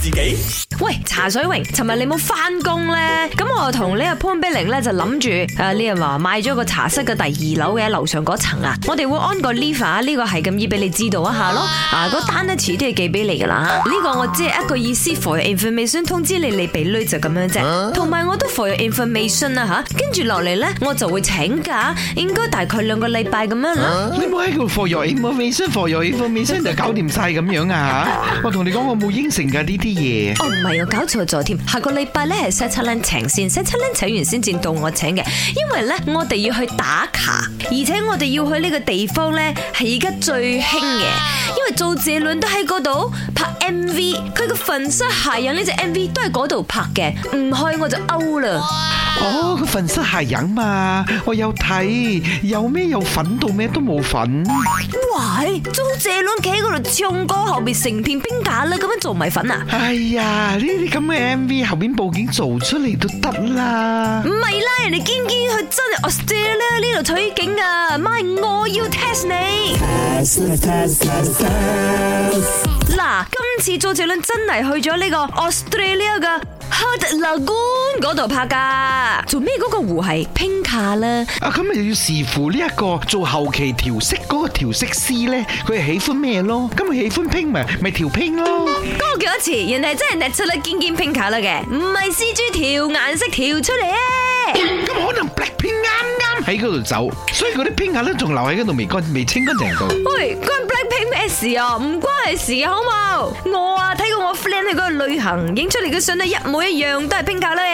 自己喂茶水榮，尋日你冇返工咧，咁我同呢阿潘比玲咧就諗住啊，呢人話買咗個茶室嘅第二樓嘅樓上嗰層啊，我哋會安個 lift 啊，呢、這個係咁易俾你知道一下咯。啊個單遲啲都係寄俾你噶啦，呢、這個我只係一個意思，for your information 通知你你俾累就咁樣啫。同埋我都 for your information 啊吓，跟住落嚟咧我就會請假，應該大概兩個禮拜咁樣啦，你冇一個 for your information for your information 就搞掂晒咁樣啊？我同你講我冇應承。成架呢啲嘢？哦，唔係，我搞錯咗添。下個禮拜咧係 set lunch 請先，set lunch 請完先至到我請嘅。因為咧，我哋要去打卡，而且我哋要去呢個地方咧係而家最興嘅，因為做社論都喺嗰度拍。M V 佢個粉色海洋呢隻 M V 都係嗰度拍嘅，唔去我就 out 啦。哦，個粉色海洋嘛，我有睇，有咩有粉到咩都冇粉。喂，租借倫企喺嗰度唱歌，後邊成片冰架啦咁樣做咪粉啊！哎呀，呢啲咁嘅 M V 後邊布景做出嚟都得啦。唔係啦，人哋堅堅去真係 Australia 呢度取景啊，咪，我要 test 你。今次做治倫真係去咗呢個 Australia 嘅 Hutt Lagoon 嗰度拍噶，做咩嗰個湖係拼卡咧？啊，咁咪又要視乎呢一個做後期調色嗰個調色師咧，佢喜歡咩咯？咁咪喜歡拼咪咪調拼咯？嗰個叫一次？人哋係真係搦出嚟見見拼卡啦嘅，唔係 C G 調顏色調出嚟。咁可能 black pink 啱啱。喺嗰度走，所以嗰啲 pink 架咧仲留喺嗰度未乾未清乾淨度。喂，關 blackpink 咩事啊？唔關事嘅好冇。我啊睇過我 friend 去嗰個旅行影出嚟嘅相都一模一樣，都係 pink 架咧。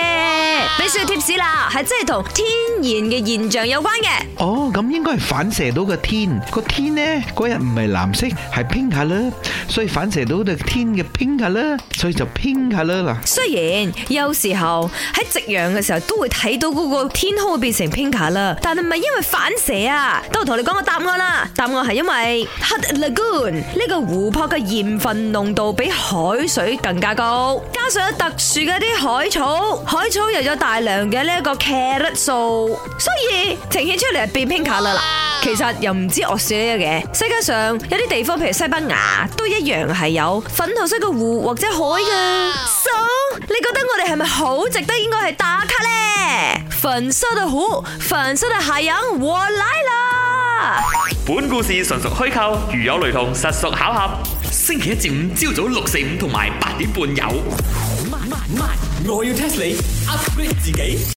俾少啲貼士啦，係真係同天然嘅現象有關嘅。哦，咁應該係反射到個天，個天呢嗰日唔係藍色，係 pink 架啦，所以反射到個天嘅 pink 架啦，所以就 pink 架啦嗱。雖然有時候喺夕陽嘅時候都會睇到嗰個天空會變成 pink 架啦。但係唔係因為反射啊？都同你講個答案啦。答案係因為 Hutt Lagoon 呢個湖泊嘅鹽分濃度比海水更加高，加上有特殊嘅一啲海草，海草又有大量嘅呢一個鈣質素，所以呈現出嚟係變 pink 卡啦啦。Wow. 其實又唔知我少呢個嘅。世界上有啲地方譬如西班牙都一樣係有粉紅色嘅湖或者海嘅。Wow. So 你覺得我哋係咪好值得應該係打卡咧？粉色的湖，粉色的海洋，我來了。本故事純屬虛構，如有雷同，實屬巧合。星期一至五，朝早六四五同埋八點半有。Oh my, my, my. My, my. 我要 test 你，upgrade 自己。